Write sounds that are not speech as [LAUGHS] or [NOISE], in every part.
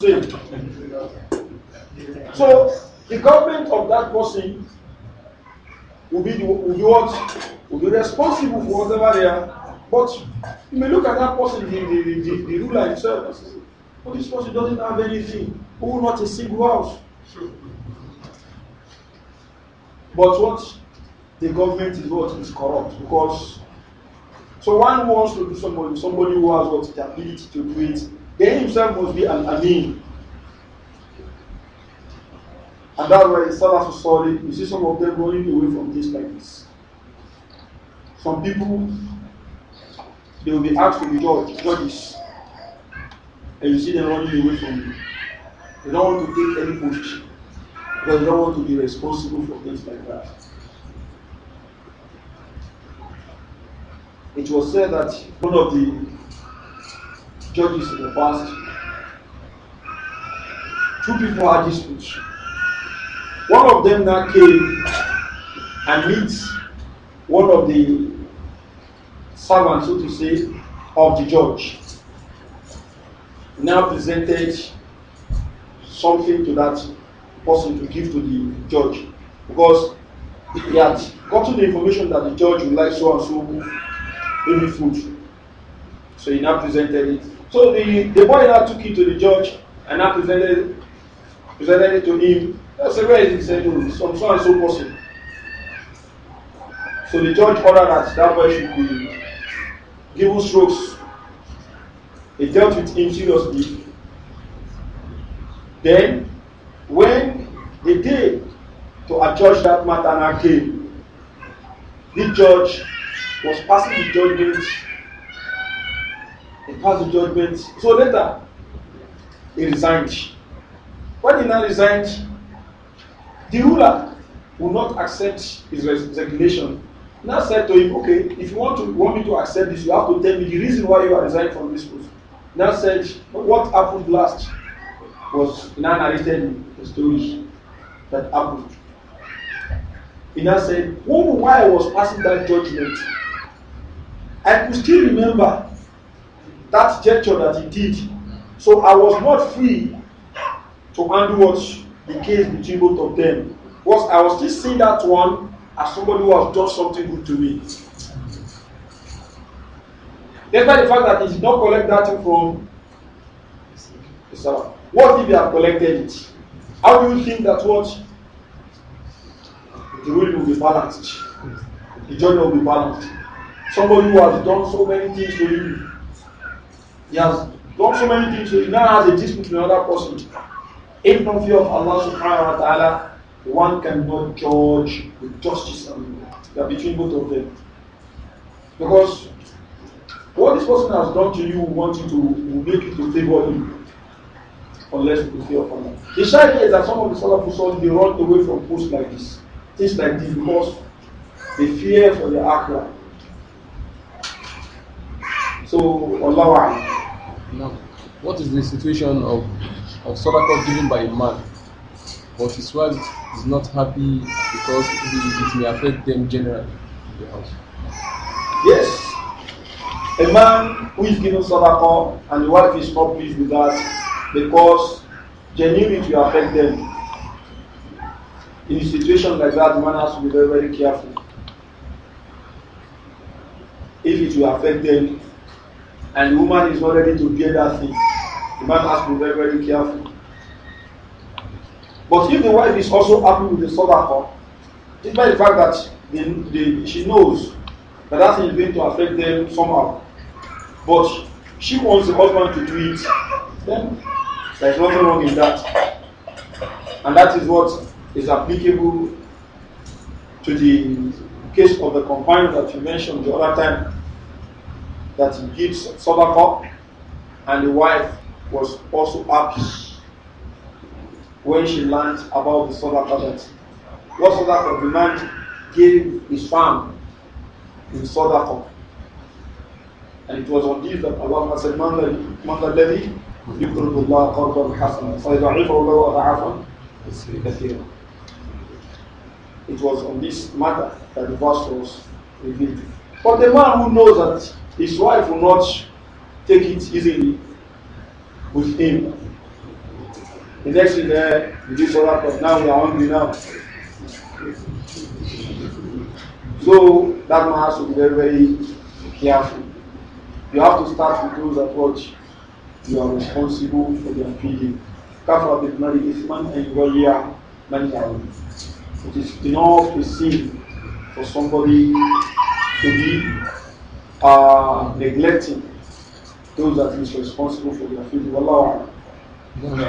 saved. So the government of that person will be the, will be what will be responsible for whatever they are. But you may look at that person, the, the, the, the ruler himself, and say, "Oh, this person doesn't have anything. Oh, not a single house." But what the government is what is corrupt because so one wants to do somebody somebody who has what the ability to do it Then himself must be an Amin. And that's why way, Salaf Sali, you see some of them running away from things like this. Some people, they will be asked to be judge, judges. And you see them running away from you. They don't want to take any position. Because they don't want to be responsible for things like that. It was said that one of the judges in the past. Two people had disputes. One of them now came and meets one of the servants, so to say, of the judge. Now presented something to that person to give to the judge because he had gotten the information that the judge would like so and so maybe food. So he now presented it. So the, the boy now took it to the judge and now presented, presented it to him. I said, Where is it? He said, No, hmm, it's so and so person. So the judge ordered that that boy should be given strokes. He dealt with him seriously. Then, when the day to adjudge that matter now came, the judge was passing the judgment He passed the judgment. So later, he resigned. When he now resigned, the ruler will not accept his resignation. Now said to him, okay, if you want to want me to accept this, you have to tell me the reason why you are resigning from this post. Now said, what happened last was now narrated the story that happened. He now said, oh, why I was passing that judgment, I could still remember that gesture that he did. So I was not free to handle what the case between both of them. Was I was still seeing that one as somebody who has done something good to me. Despite the fact that he did not collect that thing from sir, What if he had collected it? How do you think that what the ruling will be balanced? The judgment will be balanced. Somebody who has done so many things to you He has done so many things, so he now has a dispute with another person. In front of Allah subhanahu wa ta'ala, one cannot judge with justice and they between both of them. Because what this person has done to you will want you to will make you to favor him. Unless you fear of Allah. The shahid is that some of the Salafus Sons they run away from posts like this, things like this, because they fear for the akhirah. So Allah. What is the situation of, of sadaqah given by a man, but his wife is not happy because it, may affect them generally in the house? Yes. A man who is given sadaqah and the wife is not pleased with that because genuinely it will affect them. In a situation like that, the man has to be very, very careful. If it will affect them, and the woman is not ready to bear that thing, The man has to be very, very careful. But if the wife is also happy with the sadaqah, despite the fact that the, the, she knows that that is going to affect them somehow, but she wants the husband to do it, then there's nothing wrong in that. And that is what is applicable to the case of the companion that you mentioned the other time that he gives sadaqah and the wife was also happy when she learned about the solar that what Sadaqah the man gave his farm in Sadaqah. And it was on this that Allah said, Man الذي يقرض الله قرضا حسنا فيضعفه الله أضعافا كثيرا. It was on this matter that the verse was revealed. But the man who knows that his wife will not take it easily with him. The next is the Bisola Cup. Now we are hungry now. So that man has to be very, very careful. You have to start with those approach. You are responsible for their feeding. Kafa bin this man and Golia Manjari. It is enough to sin for somebody to be uh, neglecting those that is responsible for their faith. Wallahu no.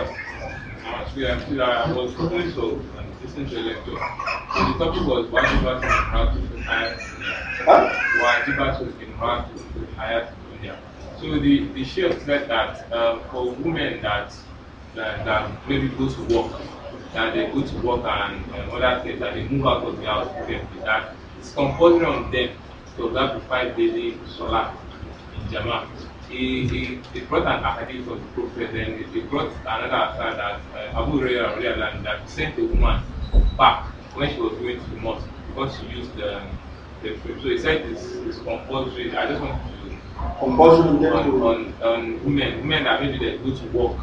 Actually, I'm still, I was hoping so, and assistant director. So the topic was why Jibas was practiced in Hayat Huh? Why Jibas was in practice in Hayat So the, the sheer said that um, for women that, that, that maybe go to work, that they go to work and, and other things, that they move out of the house with that it's compulsory on them to observe the five daily solar in Jama he, he, he brought an ahadith of the Prophet, then he brought another affair that uh, Abu Hurairah that sent the woman back when she was going to the mosque because she used the, the So he said it's, it's compulsory. I just want to compulsory on, on, on, women, women that maybe they go to work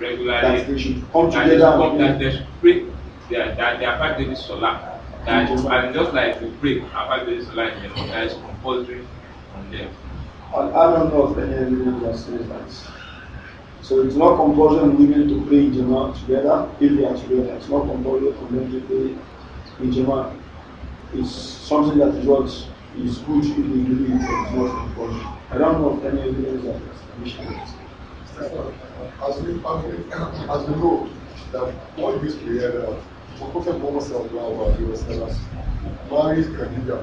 regularly. That they should come together. Come, that they should pray. They are, that they are five days solar. That mm-hmm. and just like we pray, five days solar, that is compulsory on them. I don't know of any religion sacrifice. So it's not compulsory on women to pray in Jama together if they are together. It's not compulsory for them to pray in Jama. It's something that is what is good if they do it, but it's not compulsory. I don't know of any evidence that is As we, as we, as we know, that all this prayer, Prophet Muhammad sallallahu alaihi wasallam married Khadija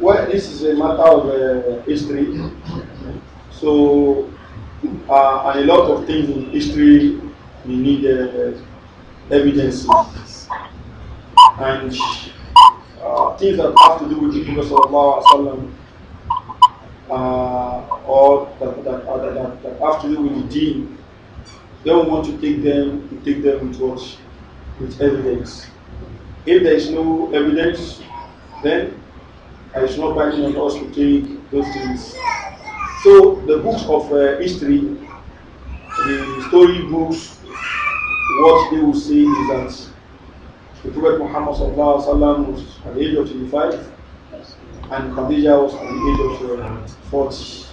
Well, this is a matter of uh, history. So, uh, and a lot of things in history, we need uh, evidence. And uh, things that have to do with the Prophet Sallallahu uh, or that, that, uh, that, that, have to do with the deen, they will want to take them to take them with what? With evidence. If there is no evidence, then and it's not binding on us to take those things. So the books of uh, history, the story books, what they will say is that the Prophet Muhammad sallam, was at the age of 25 and Khadija was at the age of uh, 40.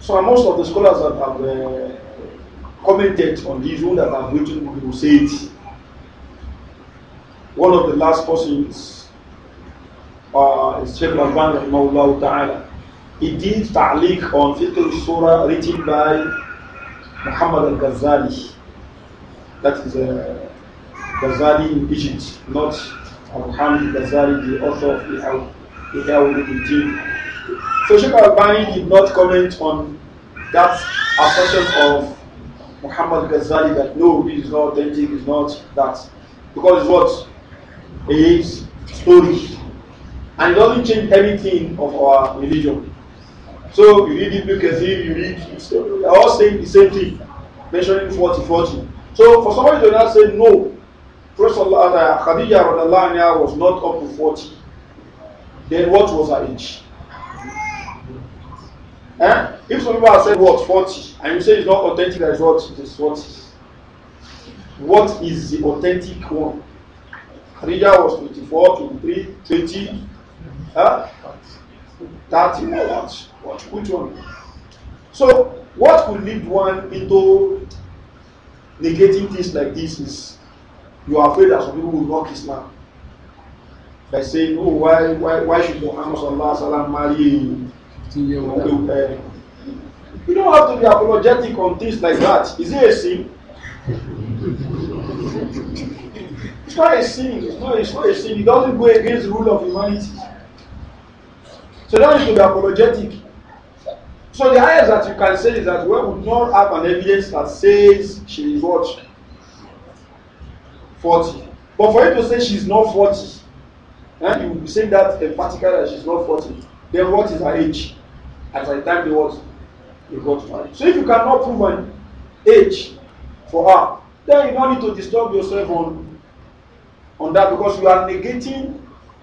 So most of the scholars that have uh, commented on this one that have written will say it. One of the last persons uh, Sheikh Al-Ban Rahimahullah Ta'ala. He did ta'liq on Fiqh Surah written by Muhammad al-Ghazali. That is uh, Ghazali in Egypt, not Muhammad Ghazali, the author of the Ihawul So Sheikh Al-Bani did not comment on that assertion of Muhammad Ghazali that no, this is not authentic, it's not that. Because what? It is story does change anything of our religion. So you read Ibn if you read, they're all saying the same thing, mentioning 40 40. So for somebody to not say no, First of all, Khadija was not up to 40. Then what was her age? Eh? If some people are saying what 40, and you say it's not authentic, that is what it is 40. What is the authentic one? Khadija was 24, 23, 20. Huh? 30 what? What? Which one? So, what could lead one into negating things like this is you are afraid that some people will knock Islam by saying, oh, why, why, why should Muhammad sallallahu alaihi wasallam marry? You don't have to be apologetic on things like that. Is it a sin? it's not a sin. It's not, it's not a sin. It doesn't go against the rule of humanity. So that should be apologetic. So the highest that you can say is that we would not have an evidence that says she is what? 40. But for you to say she's not 40, and eh, you will be saying that emphatically that she's not 40, then what is her age? At the time they was they got married. So if you cannot prove an age for her, then you don't need to disturb yourself on on that because you are negating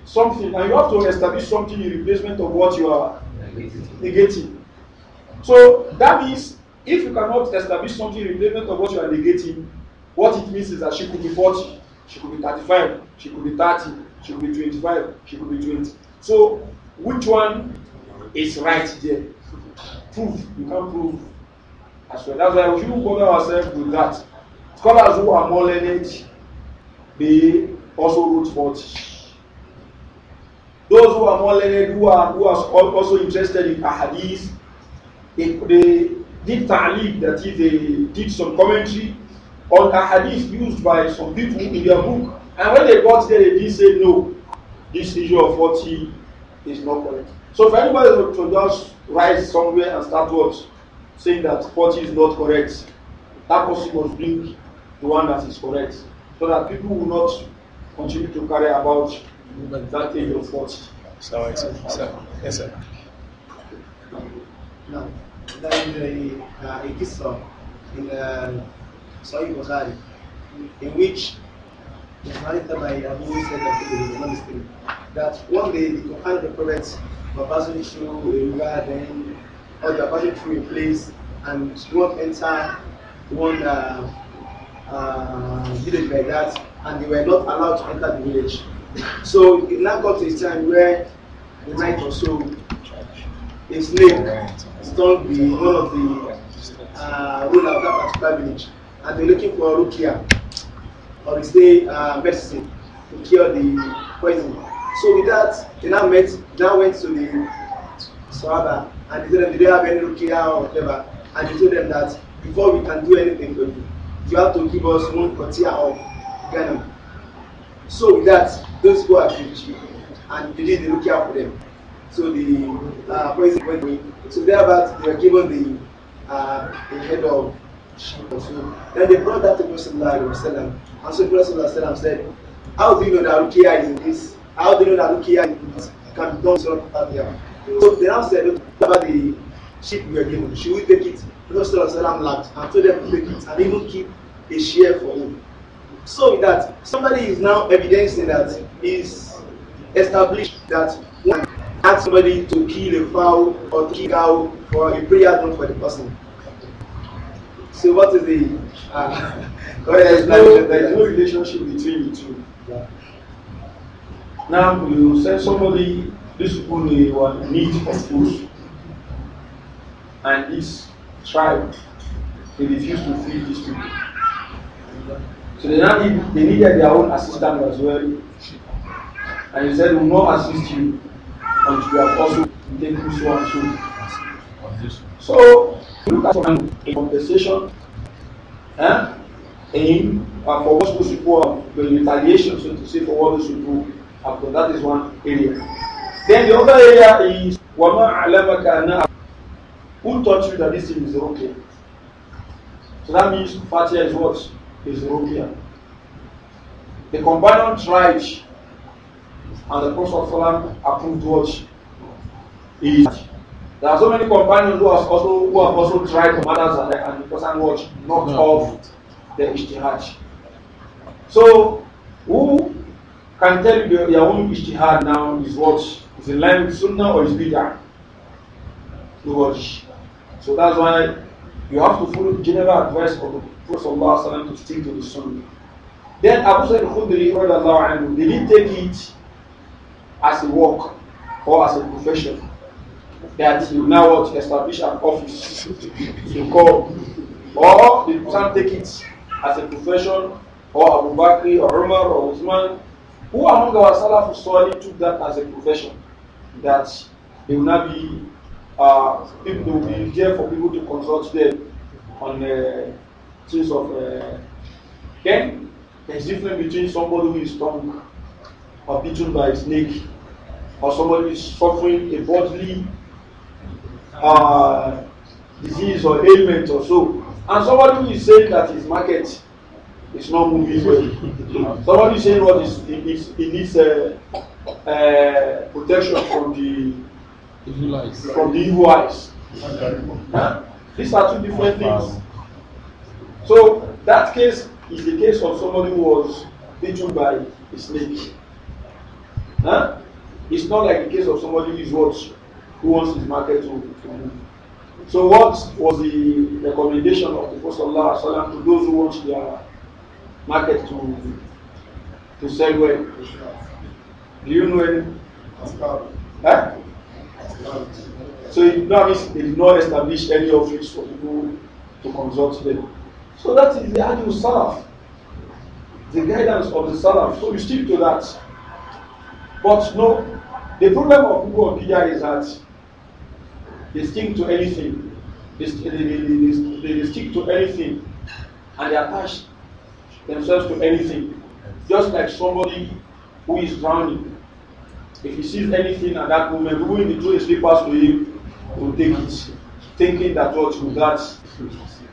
something and you have to establish something in replacement of what you are negating. So that means if you cannot establish something in replacement of what you are negating, what it means is that she could be forty, she could be thirty-five, she could be thirty, she could be twenty-five, she could be twenty. So which one is right there? Prove. You can't prove as well. That's why we shouldn't bother ourselves with that. Scholars who are more learned, they also wrote forty. Those who are more learned, who are, who are also interested in ahadith, they, they did ta'liq, that is, they did some commentary on ahadith used by some people in their book. And when they got there, they did say, no, this issue of forty is not correct. So if anybody were to just rise somewhere and start what? Saying that forty is not correct, that person must bring the one that is correct so that people will not continue to carry about That day you're forced. So it's so, yes sir. نعم a القصة in صحيح uh, البخاري in which is narrated by Abu Said al-Khudri, that one day the companion of the Prophet were passing through a river, then or they were passing through a place, and one enter one uh, uh, village by that, and they were not allowed to enter the village. So it now got to a time where the night or so, a snake stung the one of the uh, ruler of that particular village, and they're looking for rukia, or they say uh, medicine to cure the poison. So with that, they now met, now went to the Sahaba and they told them, "Do they have any rukia or whatever?" And they told them that before we can do anything for you, you have to give us one quartier of Ghana. So with that, those who are rich and they didn't look out for them. So the uh, person went away. So thereabout they were given the uh, a head of sheep or so. Then they brought that to Prophet and so Prophet said, How do you know that Rukia is in this? How do you know that Rukia can be done so here? So they now said, "About the sheep we are given, should we take it? Prophet laughed and told them to take it and even keep a share for him. So that somebody is now evidencing that is established that one ask somebody to kill a fowl or to kill out for a prayer done for the person. So what is the uh, [LAUGHS] there's, no, there's no relationship between the two. Yeah. Now you send somebody this one they need of food and this tribe they refuse to feed these people. So they now need, they needed their own assistant as well. And he said, We will not assist you until you have also taken so and so. So look at some a compensation eh? aim uh, for what those people have the retaliation, so to say, for what those should do after That is one area. Then the other area is Wama Alamaka Who taught you that this thing is okay? So that means Fatia is what? is Ruqya. The companion tribe and the Prophet approved watch. he There are so many companions who have also, who have also tried matters and, the person watch not no. of the ijtihad. So, who can tell you your own ijtihad now is what is in line with sunnah or is bid'ah? So that's why you have to follow the general advice of the Prophet to stick to the Sunnah. Then Abu Sa'id al-Khudri, they didn't take it as a work or as a profession that he now want to establish an office to call. Or did person take it as a profession, or Abu Bakr, or Umar, or Usman. Who among our Salaf Salih took that as a profession? That they will not be, uh, people will be there for people to consult them on uh, things of. Uh, then there's difference between somebody who is stung or bitten by a snake, or somebody who is suffering a bodily uh, disease or ailment or so, and somebody who is saying that his market is not moving well. somebody is saying what is it needs, uh, uh, protection from the from the evil eyes. These are two different things. So that case is the case of somebody who was bitten by a snake. Huh? It's not like the case of somebody who is what who wants his market to, move. So what was the recommendation of the Prophet Allah to those who want their market to to sell well? Do you know any? Huh? So it now means they did not establish any of for people to consult them. So that is the Adu Salaf, the guidance of the Salaf. So you stick to that. But no, the problem of people of Bidya is that they stick to anything. They, they, they, they, stick to anything and they attach themselves to anything. Just like somebody who is drowning. If he sees anything at that moment, who in the two slippers to him will take it, thinking that what with that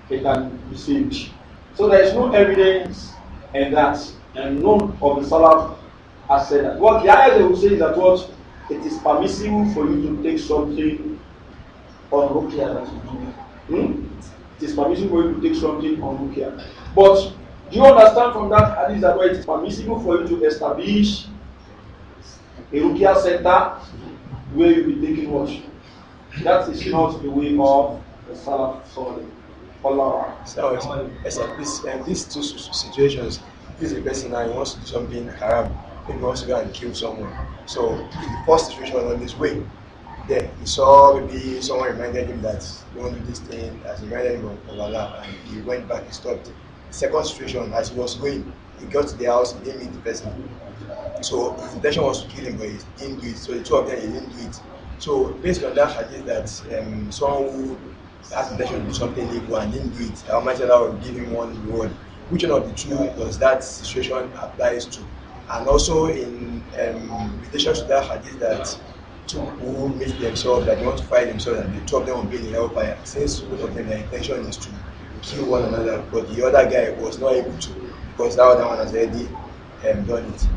they can be saved. So there is no evidence in that, and none of the Salaf has said that. What the ayah will say is that what it is permissible for you to take something on Rukia that you do. Hmm? It is permissible for you to take something on Rukia. But do you understand from that hadith that well, it is permissible for you to establish a Rukia center where you will be taking what? That is not the way of the Salaf Salih. So this and these two situations, this is the person now he wants to do something haram, He wants to go and kill someone. So the first situation was on this way. Then he saw maybe someone reminded him that he want to do this thing, as he reminded him of Allah and he went back and stopped. second situation, as he was going, he got to the house, he didn't meet the person. So his intention was to kill him, but he didn't do it. So the two of them, he didn't do it. So based on that hadith that um, someone who architecture do something legal and him do it, the Almighty Allah will give him one reward. Which one of the two does that situation applies to? And also in um, relation to that hadith that two who meet themselves, that they want to fight themselves, and the two of them will be in hellfire. Since both of them, their intention is to kill one another, but the other guy was not able to because that other one has already um, done it.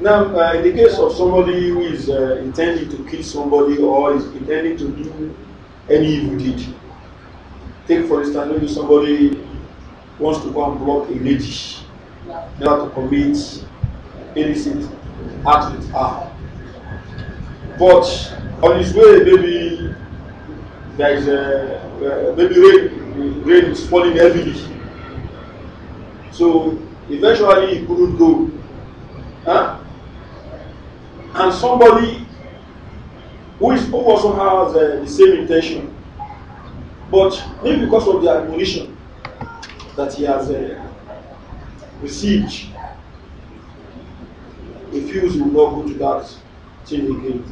Now, uh, in the case of somebody who is uh, intending to kill somebody or is intending to do any evil deed. Take for instance, maybe somebody wants to go and block a lady, never to commit illicit act with her. But on his way, maybe there is a, uh, maybe rain, rain is falling heavily. So eventually he couldn't go. Huh? And somebody who, is, who also has uh, the same intention. But maybe because of the admonition that he has uh, received, he feels he will not go to that thing again.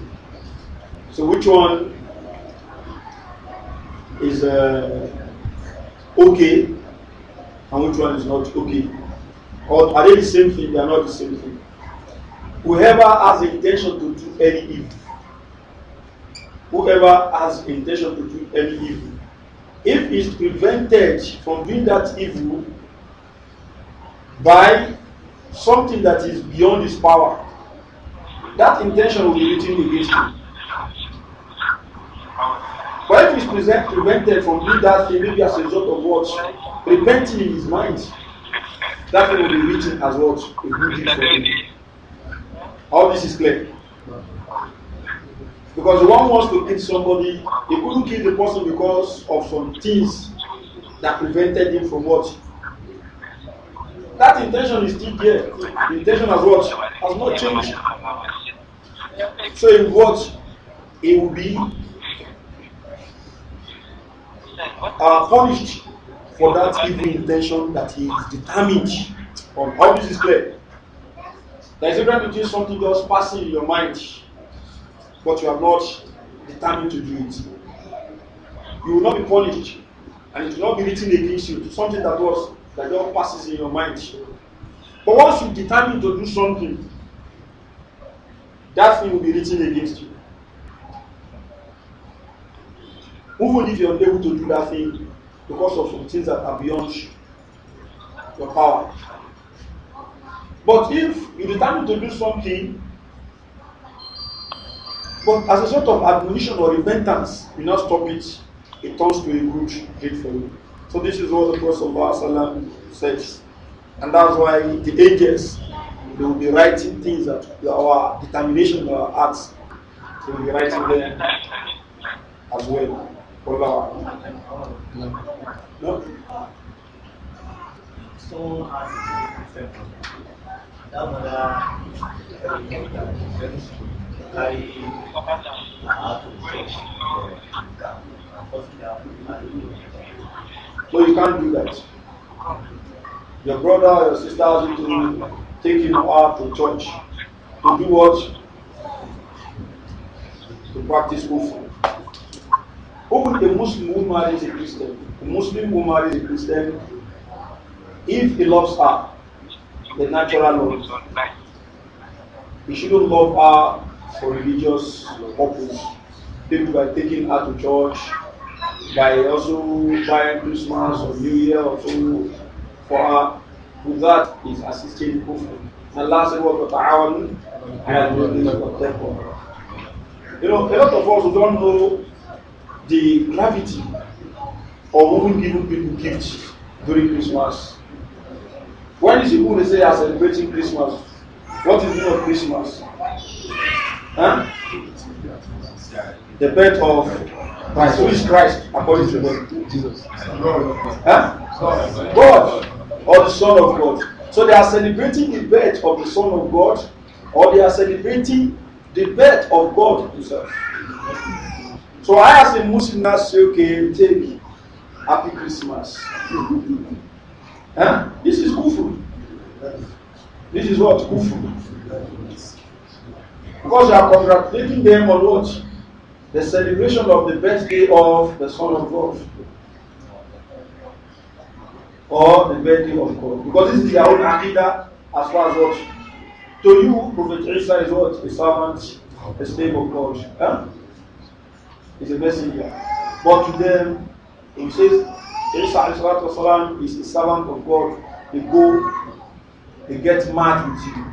So which one is uh, okay and which one is not okay? Or are they the same thing? They are not the same thing. Whoever has the intention to do any evil whoever has intention to do any evil, if he's prevented from doing that evil by something that is beyond his power, that intention will be written against him. But if he's present, prevented from doing that thing, maybe as a result of what? Repenting in his mind, that will be written as what? A good thing for him. All this is clear. Because the one wants to kill somebody, he couldn't kill the person because of some things that prevented him from what? That intention is still there. The intention has what? Has not changed. So in what? It will be uh, punished for that evil intention that he is determined on. How this is clear? There is a difference between something just passing in your mind but you are not determined to do it. You will not be punished and it will not be written against you. Something that was that just passes in your mind. But once you determine to do something, that thing will be written against you. Even if you are unable to do that thing because of some things that are beyond your power. But if you determine to do something But as a sort of admonition or repentance, you now stop it. It turns to a good deed for you. So this is what the Prophet says. And that's why the ages they will be writing things that our determination our hearts they will be writing them as well. Allah. No? So has uh, that mother But you can't do that. Your brother or your sister has you to take him out to church to do what? To practice Who would a Muslim who marries a Christian, a Muslim who marries a Christian, if he loves her, the natural love, he shouldn't love her for religious purpose. People were taken out to church by also buying Christmas or New Year or so for her. With that is assisting kufr. Allah said, "What ta'awanu and You know, a lot of us don't know the gravity of even giving people gifts during Christmas. When is it when they say they are celebrating Christmas? What is the meaning of Christmas? Huh? The birth of Christ. Who is Christ according to God? Jesus. Huh? God or the Son of God. So they are celebrating the birth of the Son of God or they are celebrating the birth of God Himself. So I as a Muslim now say, okay, take me. Happy Christmas. huh? This is kufr. This is what? Kufr. Because you are congratulating them on what? The celebration of the birthday of the Son of God. Or the birthday of God. Because this is their own agenda. as far as what? To you, Prophet Isa is what? A servant, a slave of God. Huh? He's a messenger. But to them, he says, Isa is a servant of God. They go, they get mad with you.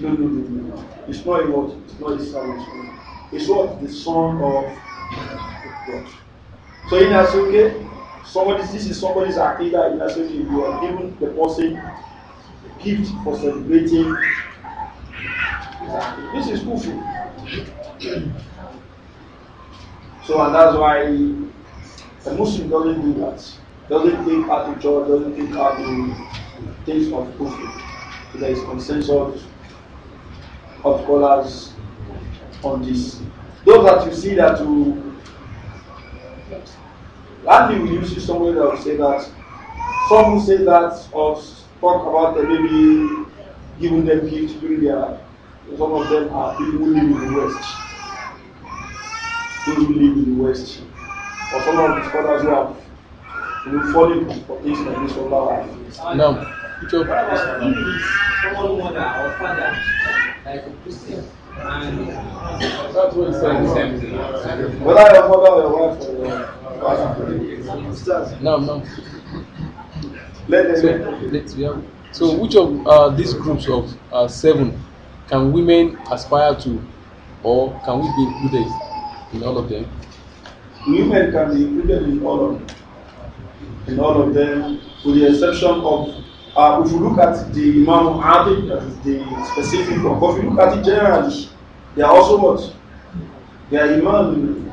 No, no, no, no. It's not a what? It's not a servant. It's what? The son of God. So in that okay, somebody this is somebody's aqidah in that okay, you are given the person a gift for celebrating This is kufr. So and that's why a Muslim doesn't do that. Doesn't take out the joy, doesn't take out the things of kufr. There is consensus of scholars on this. Those that you see that you, and you will see somewhere that will say that some will say that or talk about uh, maybe giving them gifts during their life. Some of them are people who live in the West. Those who live in the West. Or some of the scholars who have been falling for things like this all our life. No. Someone mother or father like a Christian. And that's what it's like. Same thing. Whether your mother or wife or your No, no. Let so, let's, yeah. so which of uh, these groups of uh, seven can women aspire to or can we be included in all of them? Women can be included in all of them. In all of them, with the exception of uh, if you look at the Imam Adil, that is the specific one, but if you look at it generally, they are also what? They are Imam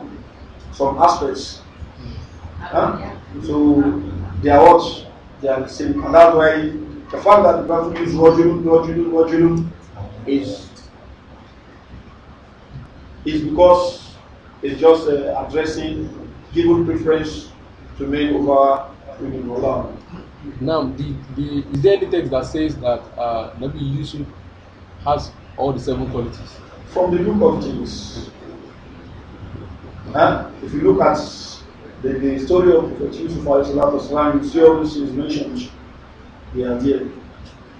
from aspects. Huh? So they are what? They are the same. And that's why the fact that the Prophet is Rajulun, Rajulun, Rajulun is, is because it's just uh, addressing giving preference to men over women. Allah. Now, the, the, is there any text that says that uh, Nabi Yusuf has all the seven qualities? From the book of James. Huh? If you look at the, the story of Prophet Yusuf, you see all these things mentioned. They are there.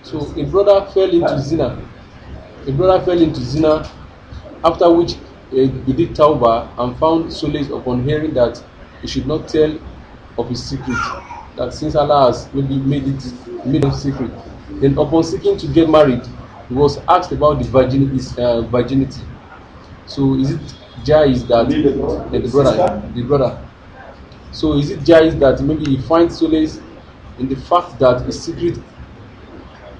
So a brother fell into zina. A brother fell into zina, after which he did tawbah and found solace upon hearing that he should not tell of his secret that since Allah has maybe made it made them secret. Then upon seeking to get married, he was asked about the virginity. Uh, virginity. So is it jais that uh, the brother, the brother? So is it jais that maybe he finds solace in the fact that his secret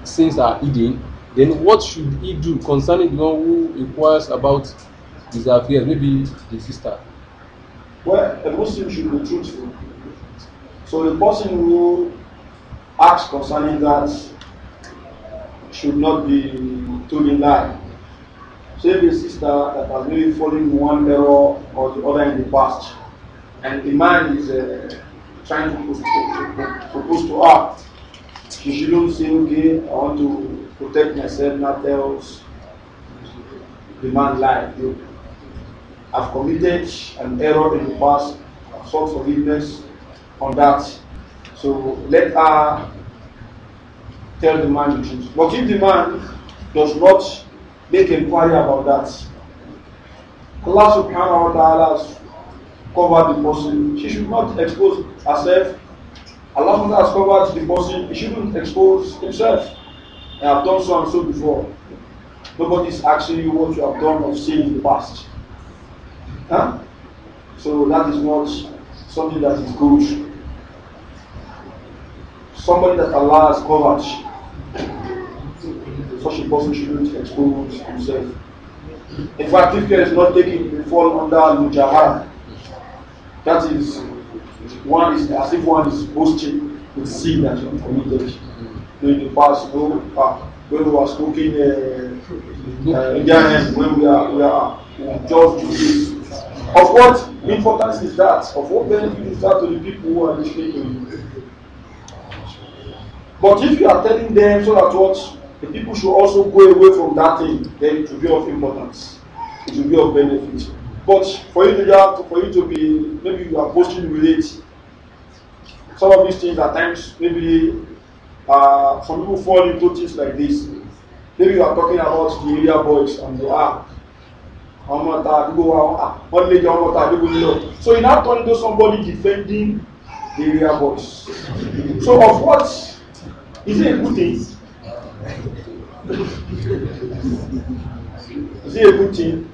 sins are hidden? Then what should he do concerning the one who inquires about his affairs, maybe the sister? Well, a Muslim should be truthful. So the person who acts concerning that should not be told in lie. So a sister that has maybe fallen in one error or the other in the past, and the man is uh, trying to, to, propose to her, she shouldn't say, okay, I want to protect myself, not else. The man You, I've committed an error in the past, I've sought forgiveness, on that. So let her tell the man the truth. But if the man does not make inquiry about that, Allah subhanahu wa ta'ala has covered the person. She should not expose herself. Allah has covered the person. He shouldn't expose himself. I have done so and so before. Nobody is asking you what you have done or seen in the past. Huh? So that is not something that is good somebody that Allah has covered. Such a person shouldn't expose himself. In fact, if care is not taken, you fall under al-mujahara. That is, one is as if one is boasting with sin that you committed. In the past, no, uh, ah, when we were smoking uh, uh, when we are, we are Of what importance is that? Of what benefit is that to the people who are listening to you? But if you are telling them so that what the people should also go away from that thing, then it will be of importance. It will be of benefit. But for you to for you to be maybe you are posting with it. Some of these things at times maybe uh, some people fall into things like this. Maybe you are talking about the media boys and they are ah, so you now turn to somebody defending the area voice. so of what is it a good thing? Is it a good thing?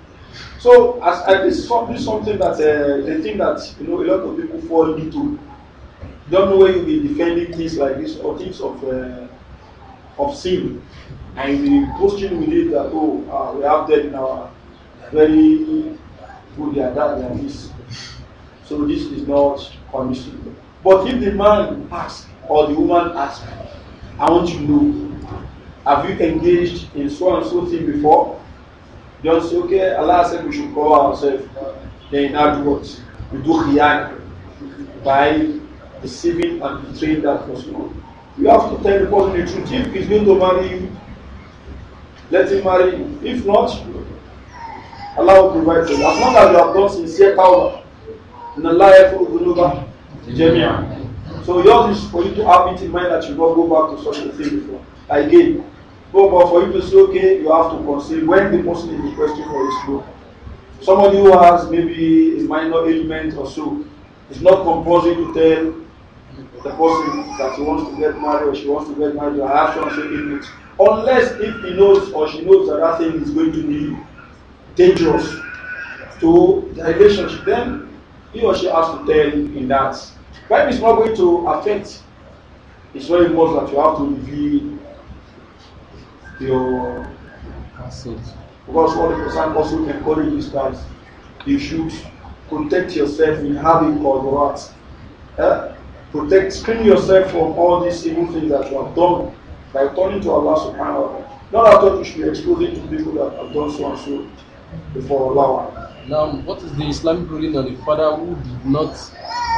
So, as I this is something, something that uh, they think that you know a lot of people fall into. Don't know where you'll be defending things like this or things of uh, of sin, and the posting with it that oh uh, we have that in our very good yeah, that and this. So this is not permissible. But if the man asks or the woman asks, I want to know, have you engaged in so and so thing before? Just say, okay, Allah said we should call ourselves. Then in other words, we do react by deceiving and betraying that person. You have to tell the person the truth. If he's going to marry you, let him marry you. If not, Allah will provide for you. As long as you have done sincere power, in Allah, so yours is for you to have it in mind that you not go back to such a thing before again. But, but for you to say, okay, you have to consider when the person is requesting for his loan. Somebody who has maybe a minor ailment or so, it's not compulsory to tell the person that he wants to get married or she wants to get married or to some ailments Unless if he knows or she knows that that thing is going to be dangerous to the relationship, then he or she has to tell in that. Crime is not going to affect. It's very much that you have to reveal your assets. Because what the person also encourages that you should protect yourself in having called the eh? Protect, screen yourself from all these evil things that you have done by turning to Allah subhanahu wa ta'ala. Not at all you should be exposing to people that have done so and so before Allah. Now, what is the Islamic ruling on the father who did not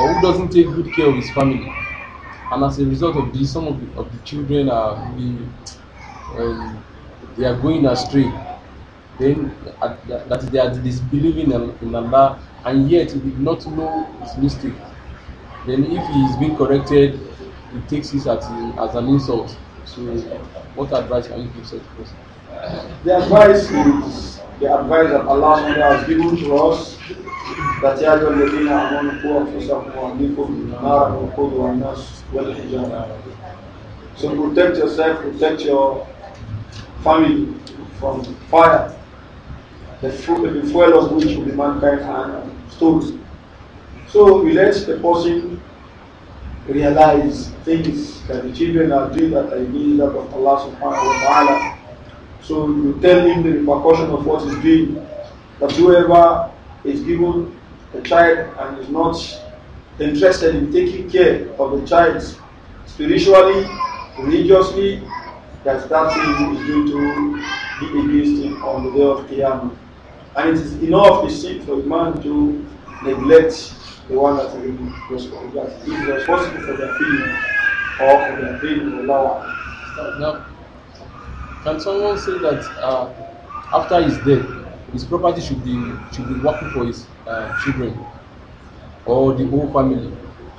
or who doesn't take good care of his family and as a result of this some of the, of the children are being um, they are going astray then uh, that they are disbelieving in Allah and yet he did not know his mistake then if he is being corrected he takes this as, as an insult so what advice can you give such person the advice is the advice that Allah has given to us فاتياجوا الذين امنوا قوا انفسكم واهليكم نارا وقودها الناس والحجاره So protect yourself, protect your family from fire, the, fuel, the fuel of which will be mankind and stones. So we let the person realize things that the children are doing that are doing that of Allah subhanahu wa ta'ala. So you tell him the repercussion of what he's doing. That whoever is given a child and is not interested in taking care of the child spiritually, religiously, that that thing is due to be against him on the day of Qiyamah. And it is enough to sin for a man to neglect the one that that is responsible for their feeling or for their pain in Allah. Now, can someone say that uh, after his death, his property should be should be working for his uh, children or the whole family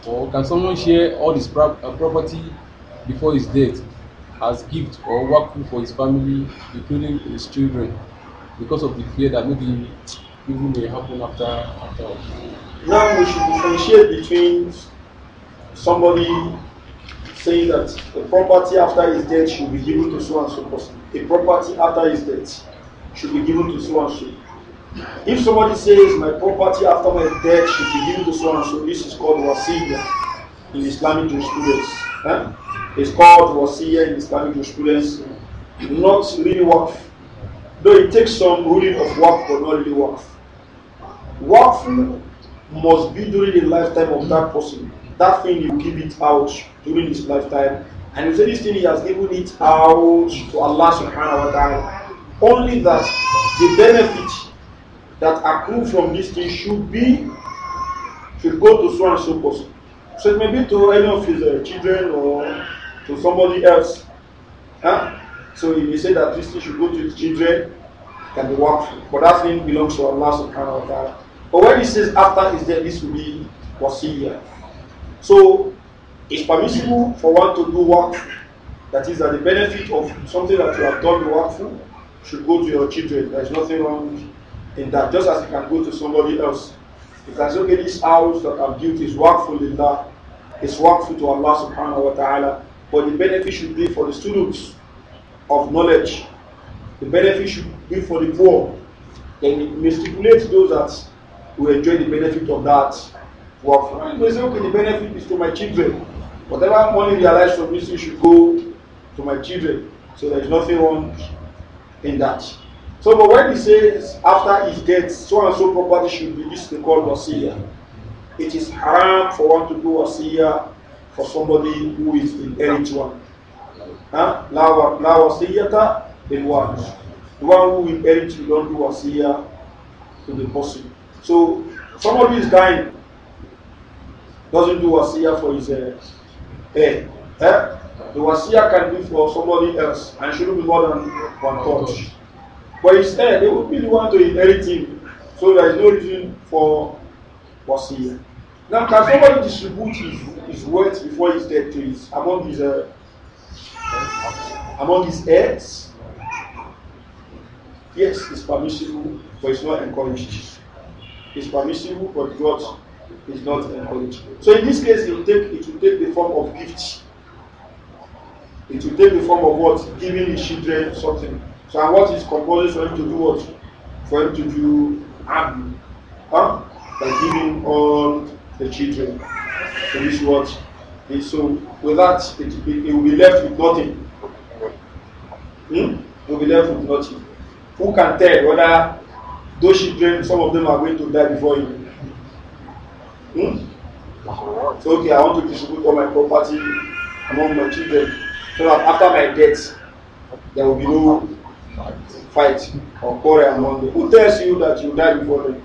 or can someone share all his pro uh, property before his death as gift or working for his family including his children because of the fear that maybe evil may happen after after now we should differentiate between somebody saying that the property after his death should be given to so and so person a property after his death should be given to so and so. If somebody says my property after my death should be given to so and so, this is called wasiyah in Islamic jurisprudence. Eh? It's called wasiyah in Islamic jurisprudence, not really work. Though it takes some ruling of work, but not really work. Work must be during the lifetime of that person. That thing you give it out during his lifetime. And you say this thing he has given it out to Allah subhanahu wa ta'ala. Only that the benefit that accrue from this thing should be, should go to so and so person. So it may be to any of his uh, children or to somebody else. Huh? So he may say that this thing should go to his children, can be worked. But that thing belongs to Allah subhanahu wa ta'ala. But when he says after his death, this will be wasiyah. So it's permissible for one to do work that is at the benefit of something that you have done the work for should go to your children. There's nothing wrong in that. Just as you can go to somebody else. You can say, okay, this house that I've built is workful in that. It's workful to Allah subhanahu wa ta'ala. But the benefit should be for the students of knowledge. The benefit should be for the poor. Then it may stipulate those that will enjoy the benefit of that work. For them. They say, okay, the benefit is to my children. Whatever money realized from this, it should go to my children. So there's nothing wrong in that. So, but when he says after his death, so and so property should be, this is called wasiya. It is haram for one to do wasiya for somebody who is inherit one. Huh? La wasiyata in one. The one who inherits you don't do wasiya to the person. So, somebody is dying, doesn't do wasiya for his uh, heir. huh? The wasiya can be for somebody else and shouldn't be more than one touch. But his heir, they would be the one to inherit him. So there is no reason for wasiya. Now, can somebody distribute his, his wealth before his death to his, among his uh, among his heirs? Yes, it's permissible, but it's not encouraged. It's permissible, but God is not encouraged. So in this case, it will take it will take the form of gift. It will take the form of what? Giving his children something. So and what is compulsory for him to do what? For him to do abdu. Huh? By giving all the children. So this what? And so with that, it, it, it, will be left with nothing. Hmm? It will be left with nothing. Who can tell whether those children, some of them are going to die before him? Hmm? So okay, I want to distribute all my property among my children so that after my death there will be no fight or quarrel among them. Who tells you that you die before them?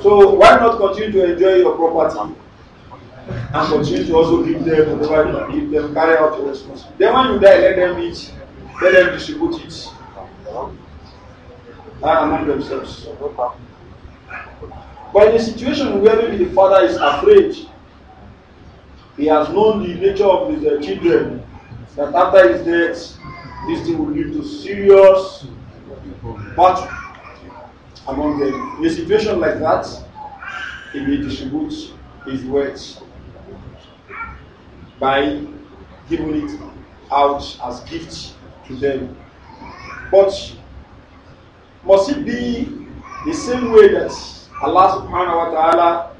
So why not continue to enjoy your property and continue to also give them, provide, them, give them, carry out your responsibility. Then when you die, let them eat, let them distribute it uh, among themselves. But in a situation where maybe the father is afraid He has known the nature of his uh, children that after his death, this thing will lead to serious battle among them. In a situation like that, he may distribute his wealth by giving it out as gifts to them. But must it be the same way that Allah subhanahu wa ta'ala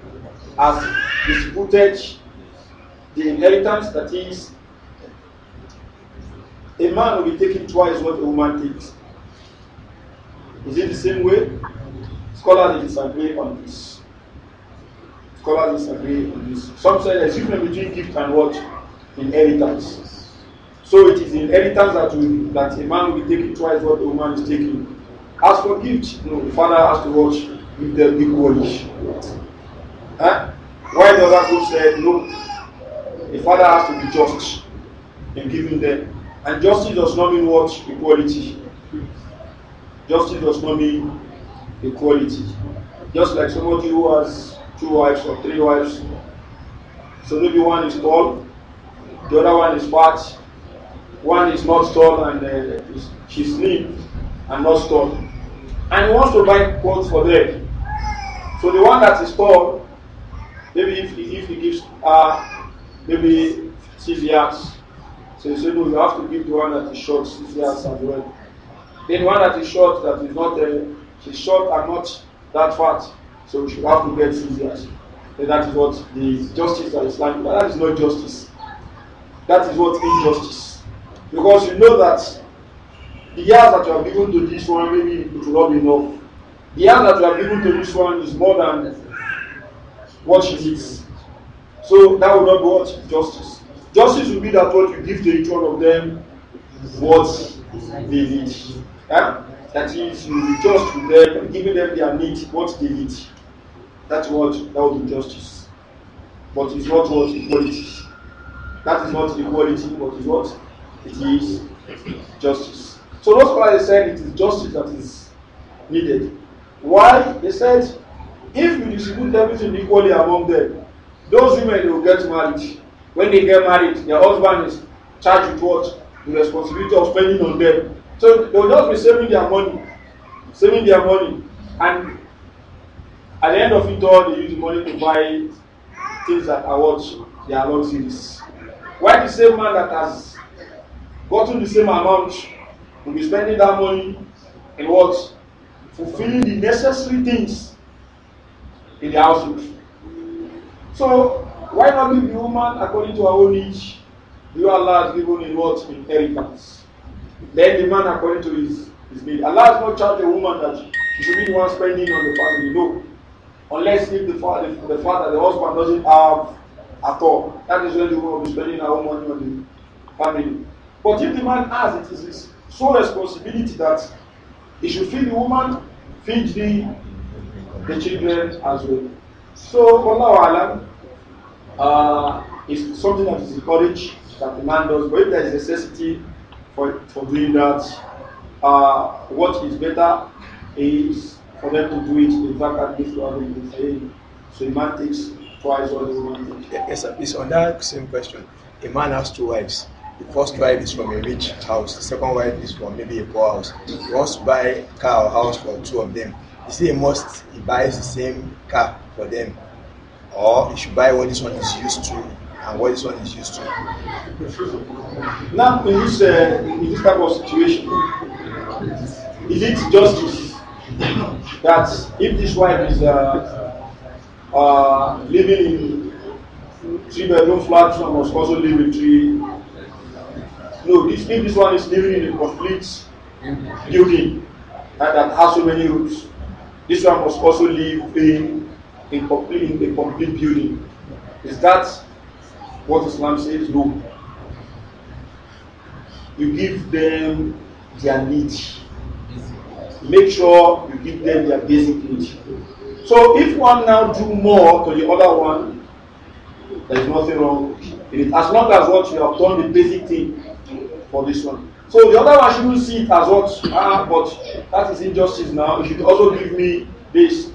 has distributed the inheritance that is a man will be taking twice what a woman takes. Is it the same way? Scholars disagree on this. Scholars disagree on this. Some say there's a difference between gift and what? Inheritance. So it is inheritance that will, that a man will be taking twice what a woman is taking. As for gift, no, the father has to watch with the equally. Huh? Why does that go? say no? The father has to be just in giving them. And justice does not mean what? Equality. Justice does not mean equality. Just like somebody who has two wives or three wives. So maybe one is tall, the other one is fat, one is not tall and uh, she's slim and not tall. And he wants to buy clothes for them. So the one that is tall, maybe if, if he gives her maybe six yards. So you say, no, you have to give the one that is short six yards as well. Then one that is short, that is not, uh, is short and not that fat. So you should have to get six yards. And that is what the justice that is like, but That is not justice. That is what injustice. Because you know that the yards that you have given to this one, maybe it will not be enough. The yards that you have given to this one is more than what she needs. So that will not be what? Justice. Justice will be that what you give to each one of them what they need. Yeah? That is, you be just with them, giving them their need, what they need. That's what, that would be justice. But it's not what equality. That is not equality, but it's what? It is justice. So those scholars said it is justice that is needed. Why? They said, if we distribute everything equally among them, Those women, they will get married. When they get married, their husband is charged with what? The responsibility of spending on them. So they will just be saving their money, saving their money. And at the end of it all, they use the money to buy things that are worth their are luxuries. Why the same man that has gotten the same amount to be spending that money in what? Fulfilling the necessary things in the household. So why not give the woman according to her own age? You Allah has given in what inheritance. Then the man according to his, his need. Allah has not charged the woman that she should be the one spending on the family. No. Unless if the father, if the father, the husband doesn't have at all. That is when the woman will be spending her own money on the family. But if the man has, it is his sole responsibility that he should feed the woman, feed the, the children as well. So, Wallahu Alam uh, is something that is encouraged that the man does, but if there is necessity for, for doing that, uh, what is better is for them to do it in fact at least rather than so the man takes twice or the Yes, sir. It's on that same question. A man has two wives. The first wife is from a rich house. The second wife is from maybe a poor house. He wants to buy car or house for two of them. He say he must, he buys the same car for them. Or he should buy what this one is used to and what this one is used to. Now, in this, uh, in this type of situation, is it justice that if this wife is uh, uh, living in three bedroom flat, one must also live in three? No, this, if this one is living in a complete building and that has so many rooms, This one must also live in a, complete, a complete building. Is that what Islam says? No. You give them their need. Make sure you give them their basic need. So if one now do more to the other one, there is nothing wrong in it. As long as what you have done the basic thing for this one. So the other one shouldn't see it as what, ah, but that is injustice now. You should also give me this.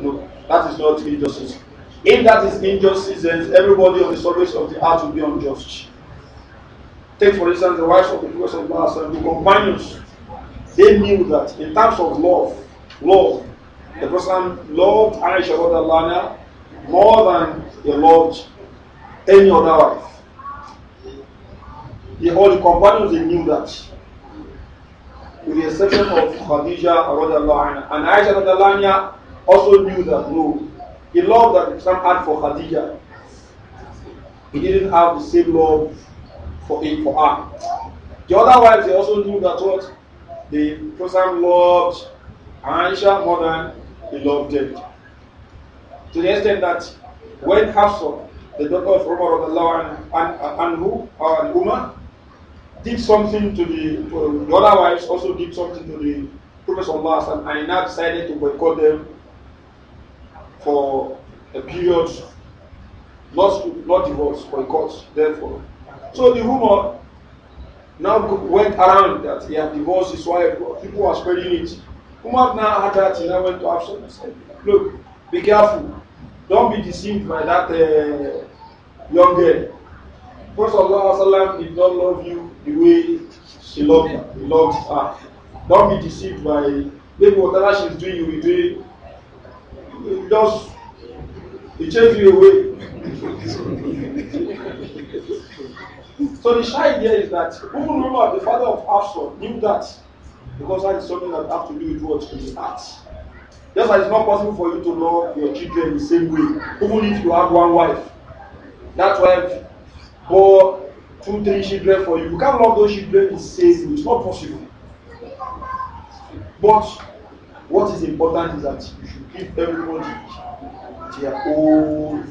No, that is not injustice. If that is injustice, then everybody on the surface of the earth will be unjust. Take, for instance, the wives of the Prophet of Allah, the companions. They knew that in terms of love, love, the person loved Aisha more than he loved any other wife the, all the companions, they knew that. With the exception of Khadija and Aisha anha also knew that no, the love that Islam had for Khadija, he didn't have the same love for him for her. The other wives they also knew that what the Prophet loved Aisha more than he loved them. To the extent that when Hafsa, the daughter of Umar and, and, and, and, and Umar, did something to the, to uh, the other wives, also did something to the Prophet Allah, and he now decided to boycott them for a period, not, not divorce, boycott, therefore. So the rumor now went around that he had divorced his wife, people were spreading it. Umar now had that, he now went to Absalom and said, Look, be careful, don't be deceived by that uh, young girl. Prophet Allah did not love you the way she loved her, he loved her. Don't be deceived by maybe whatever she's doing, you will do Just it chased you away. so the shy idea is that even Roma, the father of Absalom, knew that because that is something that has to do with what he the heart. Just as it's not possible for you to love your children the same way, even if you have one wife. That wife bore two, three children for you. You can't love those children in safety. It's not possible. But what is important is that you should give everybody their own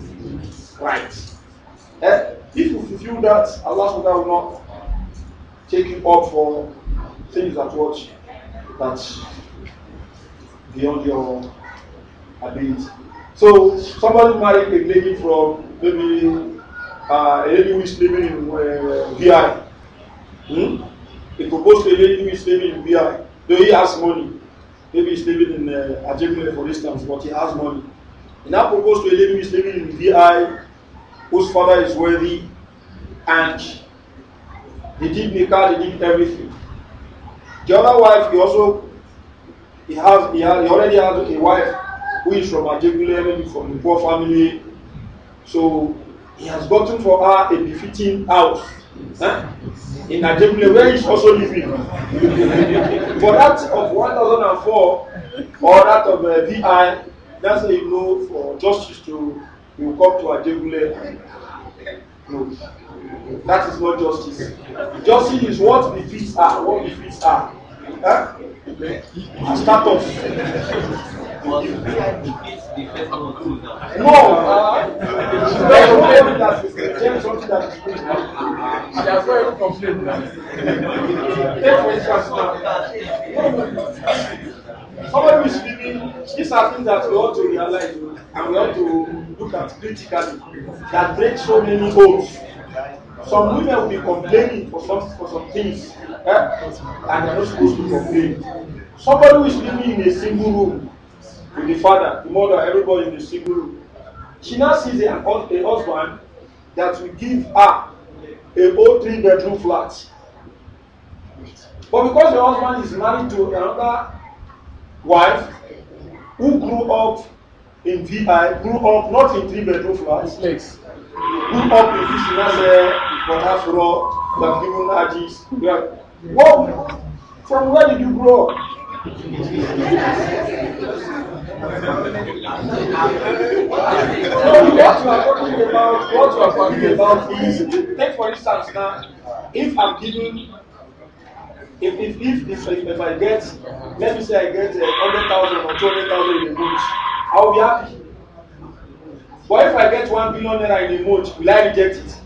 rights. Eh? If you fulfill that, Allah will not take you up for things that what that beyond your ability. So somebody married a lady from maybe uh, a lady who is living in uh, eh, VI. Hmm? He proposed to a lady who is living in VI, though he has money. Maybe he's living in uh, eh, Ajimile, for instance, but he has money. He now proposed to a lady who is living in VI, whose father is worthy, and he did car, he did everything. The other wife, he also he has, he, has, he already has a wife who is from Ajimile, from a poor family. So he has gotten for her a befitting house. Huh? Eh? In Ajemile, where he is also living. [LAUGHS] for that of one thousand and four, or that of uh, VI, that's how you know for justice to you come to Ajemile. No. That is not justice. Justice is what befits her, what befits her. Huh? Eh? a status. But AI defeats the first control now. No, uh, she's not complaining that she's getting something that is good now. She has not even complained that. Take for instance now. Somebody who is living, these are things that we ought to realize and we ought to look at critically that break so many holes. Some women will be complaining for some, for some things. Eh? and you're not supposed to complain. Somebody who is living in a single room with the father, the mother, everybody in the single room, she now sees a, a husband that will give her a whole three bedroom flat. But because the husband is married to another wife who grew up in VI, uh, grew up not in three bedroom flats, yes. grew up in this, she now said, but after all, we have given her this. What, from where did you grow up? what you are talking about, what you are talking about is, take for instance now, if I'm giving if if if if, if, if I get let me say I get a uh, hundred thousand or two hundred thousand in a month, I will be happy. But if I get one billion naira in a month, will I reject it?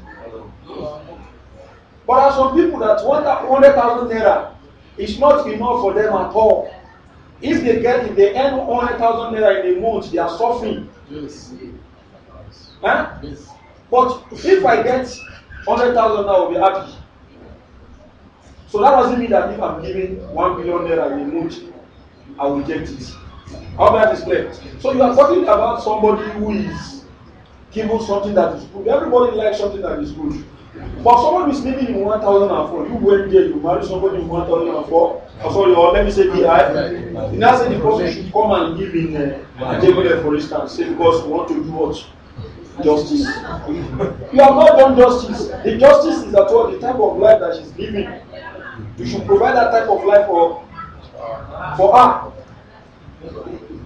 But there are some people that 100,000 naira is not enough for them at all. If they get, if they earn 100,000 naira in a month, they are suffering. Yes. Huh? Yes. But if I get 100,000 naira, I will be happy. So that doesn't mean that if I'm giving 1 billion naira in a month, I will get it. How that is clear. So you are talking about somebody who is giving something that is good. Everybody likes something that is good. But someone who's living in 1004, you went there, you marry somebody in 1004, or sorry, or let me say DI. You now say the person should come and live in uh, Ajebole, uh, for instance, say because we want to do what? Justice. you have not done justice. The justice is at all the type of life that she's living. You should provide that type of life for, for her.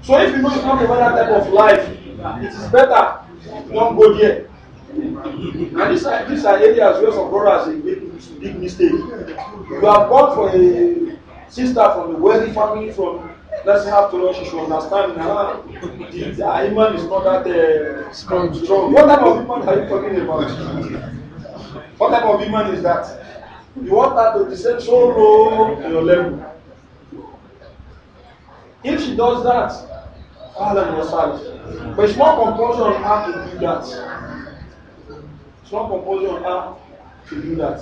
So if you know you can't provide that type of life, it is better. not go there. And these are, uh, these are areas where some brothers make big mistake. You have gone for a sister from a wealthy family from let's have to rush she should understand now the, the iman is not that uh, strong. strong. What type of woman are you talking about? What type of woman is that? You want her to descend so low to your level. If she does that, Allah knows But it's more compulsion on her to do that. It's not compulsory on her to do that.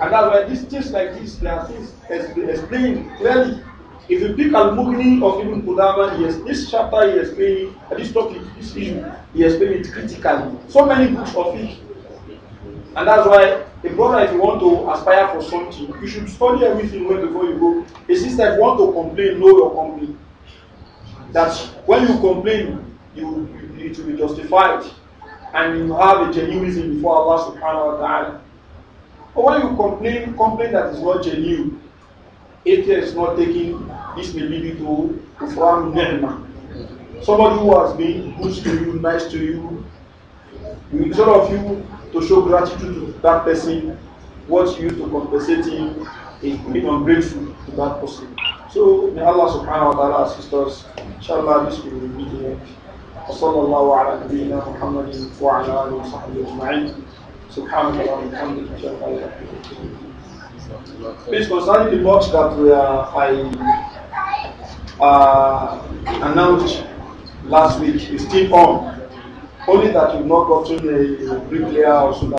And that's why these things like this, they are things explained clearly. If you pick Al-Mughni or even Qudama, yes, this chapter he explained, uh, this topic, this issue, he explained it critically. So many books of it. And that's why a brother, if you want to aspire for something, you should study everything well before you go. A sister, if you want to complain, know your complaint. That when you complain, you, you it will be justified and you have a genuine before Allah subhanahu wa ta'ala. But when you complain, complain that is not genuine, if there is not taking, this may lead you to from Ni'mah. Somebody who has been good to you, nice to you, instead of you to show gratitude to that person, what you to compensate him is being ungrateful to that person. So may Allah subhanahu wa ta'ala assist us. Inshallah, this will be. وصلى الله على نبينا محمد وعلى اله وصحبه اجمعين سبحانك اللهم وبحمدك اشهد ان لا اله Please concerning the box that we are, I uh, announced last week is still on, only that you've not gotten a bricklayer or so